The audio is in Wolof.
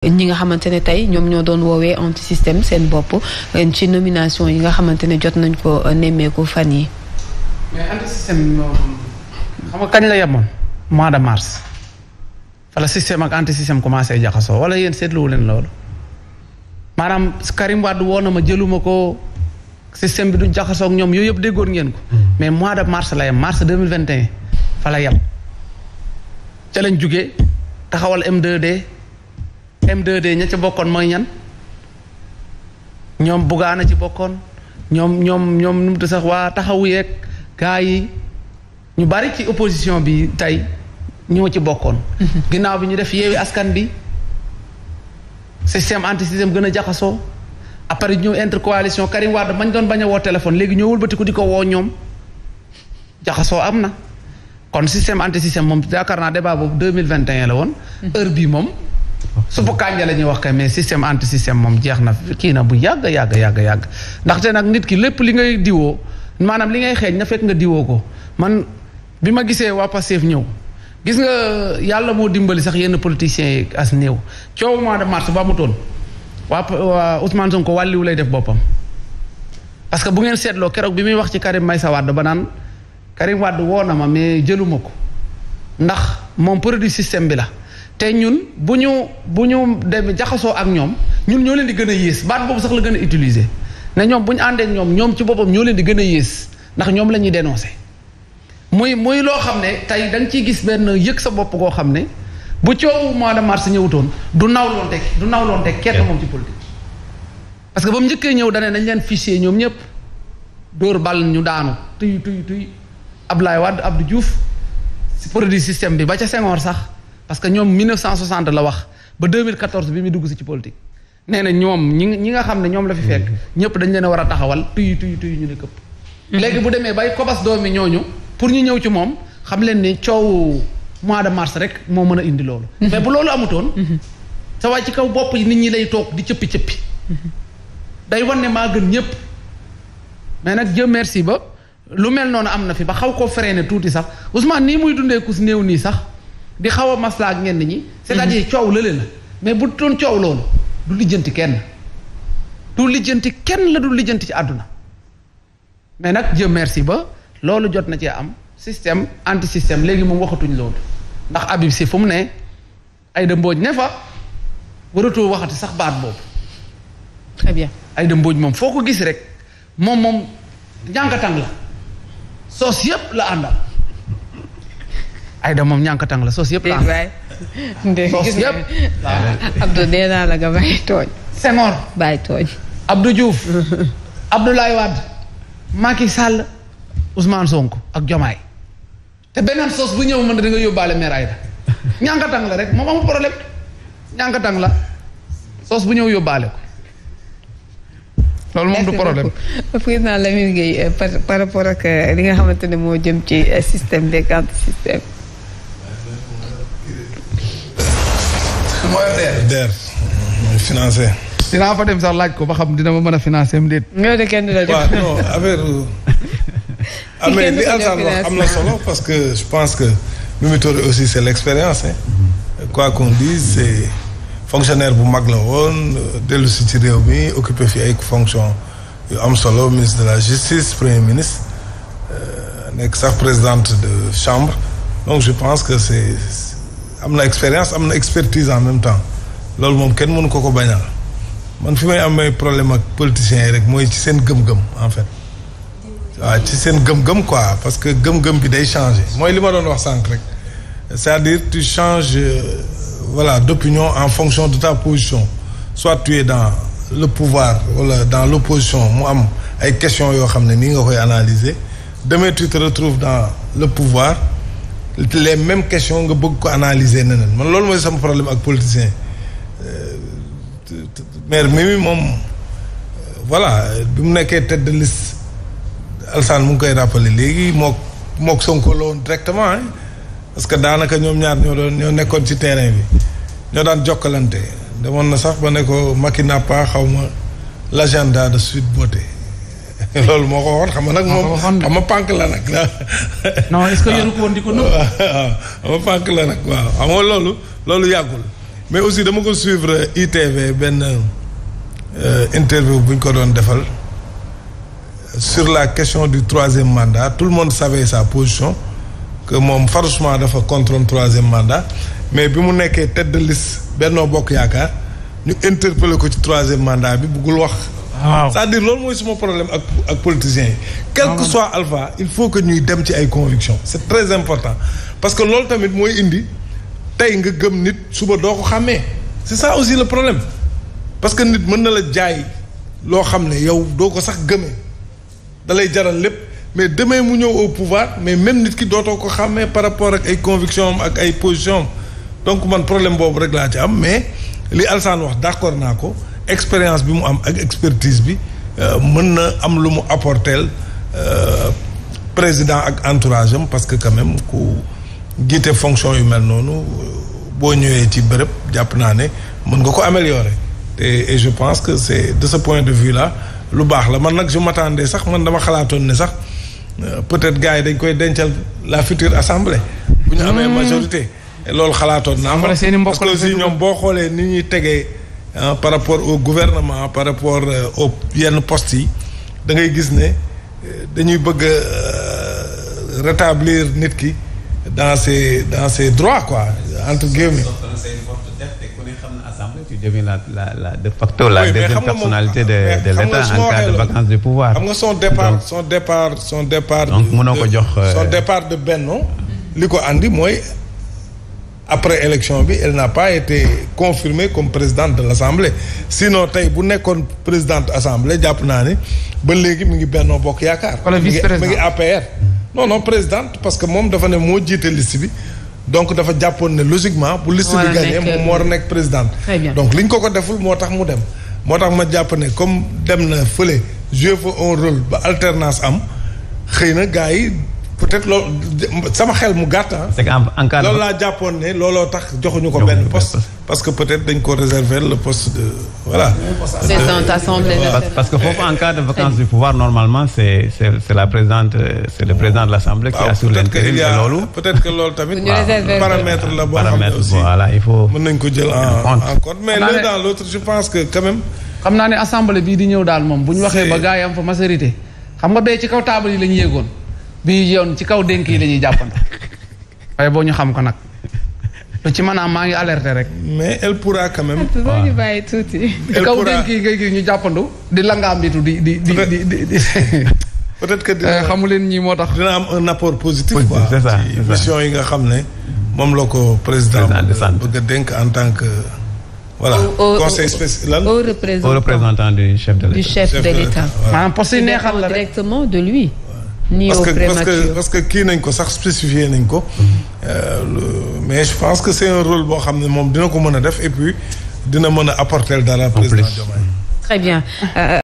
ñi nga xamante ne tey ñoom ñoo doon woowee anti système seen bopp ci nomination yi nga xamante ne jot nañ ko nemmeeku fan yi mais anti système euh, xam nga la yemoon mois de mars fala système ak anti système commencé jaxasoo wala yéen seetluwu leen loolu maanaam Karim Wade woo na ma jëluma ko système bi du jaxasoo ak ñoom yooyu yëpp déggoon ngeen ko hmm. mais mois de mars la yem mars 2021 fa la yem ca lañ jugee taxawal m M2D ña ci bokkoon mooy ñan ñoom bugaana ci bokkoon ñoom ñoom ñoom nu mu sax waa taxawu yeeg gaa yi ñu bari ci opposition bi tey ñoo ci bokkoon. Mhm. ginnaaw bi ñu def yeewi askan bi système anti système gën a jaxasoo après ñëw intercoalition Karim Wade mañ doon bañ woo téléphone léegi ñoo wëlbatiku di ko woo ñoom jaxasoo am na kon système anti système moom yaakaar naa débat boobu deux mille vingt et un la woon. Mhm. bii moom. suppu kànja la ñuy wax kay mais système anti système moom jeex na kii na bu yàgg yàgg yàgg yàgg ndaxte nag nit ki lépp li ngay diwoo maanaam li ngay xeeñ na fekk nga diwoo ko man bi ma gisee waa Pastef ñëw gis nga yàlla moo dimbali sax yenn politiciens yi as néew coow mois de mars ba mu toon waa waa ko Sonko wàlliwu lay def boppam parce que bu ngeen seetloo keroog bi muy wax ci Karim sa Wade ba naan Karim wàdd woo na ma mais jëluma ko ndax moom produit système bi la te ñun bu ñu bu ñu dem jaxasoo ak ñoom ñun ñoo leen di gën a yées baat boobu sax la gën a utiliser ne ñoom bu ñu àndee ñoom ñoom ci boppam ñoo leen di gën a yées ndax ñoom la ñuy dénoncé muy muy loo xam ne tey da nga ciy gis benn yëg sa bopp koo xam ne bu coowu mois de mars ñëwutoon du nawloon teg du nawloon teg kenn moom ci politique. parce que ba mu njëkkee ñëw dane nañ leen fichier ñoom ñëpp dóor bal ñu daanu tuy tuy tuy Abdoulaye Wade Abdou Diouf si produit système bi ba ca Senghor sax. parce que ñoom 1960 la wax ba 2014 bi muy dugg si ci politique nee na ñoom ñi nga xam ne ñoom la fi fekk ñëpp dañ leen a war a taxawal tuy tuy tuy ñu ne këpp léegi bu demee bay kobas doomi ñooñu pour ñu ñëw ci moom xam leen ne coow mois de mars rek moo mën a indi loolu mais bu loolu amutoon sa waay ci kaw bopp nit ñi lay toog di cëppi cëppi day wan ne maa gën ñëpp mais nag Dieu merci ba lu mel noonu am na fi ba xaw koo freiné tuuti sax Ousmane nii muy dundee kus néew nii sax di xaw a maslaa ak ñenn ñi. c'est-à-dire mhm. coow lële la mais bu doon coow loolu du lijjanti kenn du lijjanti kenn la du lijjanti ci àdduna mais nag Dieu merci ba loolu jot na cee am système anti système léegi moom waxatuñ loolu ndax Habib si fu mu ne Aïda Mbodj ne fa waratoo waxati sax baat boobu. très bien Aïda moom foo ko gis rek moom moom jànkatang la soos yëpp la àndal. Aïda moom ñànkatang la soos yëpp la am soos ak Diomaye. te soos bu ñëw mën da nga yóbbaale mère la rek moom amul problème ñànkatang la soos bu ñëw yóbbaale ko. loolu moom du problème président Lamine euh, par rapport ak euh, li nga xamante ne moo jëm ci euh, système beeg anti système. moo yor DER. DER muy financé. dinaa fa dem sax laaj ko ba xam dina ma mën a financé am déet. nga de kenn la def waaw non affaire. Euh, amee li Alassane wax am na solo parce que je pense que Mimi Touré aussi c' est l' expérience hein. quoi qu'on dise c' est fonctionnaire bu mag la woon dellu si ci réew mi occupé fi ay fonction yu am solo ministre de la justice premier ministre euh, nekk sax présidente de chambre donc je pense que c' est am na expérience am na expertise en même temps loolu moom kenn mënu ko ko bañal man fi may amee problème ak politiciens yi rek mooy ci seen gëm-gëm en fait waaw ci seen gëm-gëm quoi parce que gëm-gëm bi day changer mooy li ma doon wax sànq rek c'est-à-dire tu changes euh, voilà d'opinion en fonction de ta position soit tu dans le pouvoir wala dans le l'opposition mu am ay questions yoo xam ne nii nga koy analyser demain tu te dans le pouvoir les même question nga bëgg ko analyser neneen man loolu mooy sama problème ak politicien euh, maire Mimi moom euh, voilà bi mu nekkee tête de liste Alsaan mu ngi koy rappelé léegi mook mook Sonko la directement hein parce que daanaka ñoom ñaar ñoo doon ñoo nekkoon ci terrain bi ñoo daan jokkalante demoon na sax ba ne ko Macky n'a pas xaw ma l'agenda de Sweet Beauté loolu moo ko xam nga nag moom xam nga pànk la nag. est di ko nëb. waaw xam pànk la nag waaw xam nga loolu loolu yàggul mais aussi dama ko suivre ITV benn euh, interview bu ñu ko doon defal euh, sur la question du troisième mandat tout le monde savait sa position que moom farouchement dafa contre troisième mandat mais bi mu nekkee tête de liste Benno Bokk Yaakaar ñu interpellé ko ci troisième mandat bi buggul wax. waaw cest dire loolu mooy suma problème ak ak politiciens yi. quel que soit alpha il faut que ñuy dem ci ay convictions c'est très important parce que loolu tamit mooy indi tey nga gëm nit suba doo ko xàmmee c'est ça aussi le problème parce que nit mën na la jaay loo xam ne yow doo ko sax gëmee da lay jaral lépp mais demain mu ñëw au pouvoir mais même nit ki dootoo ko xàmmee par rapport ak ay convictions am ak ay positions am donc man problème boobu rek laa ci am mais li Alsaan wax naa ko. expérience bi mu am ak expertise bi euh, mën na am lu mu apporteel euh, président ak entourage am parce que quand même ku jiite fonction yu mel noonu euh, boo ñëwee ci bërëb jàpp naa ne mën nga ko améliorer te et je pense que c'est de ce point de vue là lu baax la man nag je m'attendais sax man dama xalaatoon ne sax peut-être gars yi dañ koy dencal la future assemblée. bu ñu amee majorité. loolu xalaatoon naa. parce que si ñoom boo xoolee ni ñuy tegee. par rapport au gouvernement par rapport euh, au yenn postes yi da ngay gis ne euh, dañuy bëgg a euh, rétablir nit ki dans ses dans ses droits quoi entre guillemets. tu deviens la la la de facto la oui, deuxième personnalité de de l'État en cas de vacance du pouvoir. xam nga soo départ donc, son départ son départ. donc mënoo ko jox son départ de Benno li ko indi mooy. après élection bi elle n'a pas été confirmée comme présidente de l'Assemblée sinon tey bu nekkoon présidente assemblée jàpp naa ne ba léegi mu ngi Benno Bokk Yaakaar mi ngi APR non non présidente parce que moom dafa ne moo jiite liste bi donc dafa jàppoon ne logiquement bu liste bi gagné moom moo war a nekk président donc li ñu ko ko deful moo tax mu dem moo tax ma jàpp ne comme dem na fële jouer fa un rôle ba alternance am xëy na gars yi peut-être loolu sama xel mu gàtt ah. c'est que en cas loolu laa jàppoon ne looloo tax joxuñu ko benn poste. parce que peut-être dañ ko réserver le poste de voilà. c'est son parce que foofu euh, en cas de vacance du pouvoir normalement c'est c'est la présidente le président de l'assemblée qui assure loolu. peut-être que loolu tamit. paramètre la boo xam ne aussi mën nañ ko jël en compte mais l'un pense que quand xam naa ne assemblée bii di ñëw daal moom bu ñu waxee ba gars am fa majorité xam nga bee ci kaw table yi lañ yéegoon. bii yoon ci kaw dénk yi dañuy jàppante waaye boo ñu xam ko nag lu ci maanaam maa ngi alerté rek. mais pour pourra quand même. waaw ñu bàyyi ñu jàppandu. di langaambitu di di di di di. peut-être que eh, xamu leen ñii moo tax. dina am un apport positif. quoi ci mission yi nga xam ne moom loo ko président. bëgg a dénk en tant que. voilà conseil spécial. au représentant du chef de l'État. maanaam poste yi neexal directement de lui. parce que parce que parce que kii nañ ko sax spécifié nañ ko. Euh, mais je pense que c' est un rôle boo xam ne moom dina ko mën a def et puis dina mën a apporter dara président Diomaye. très bien. Euh,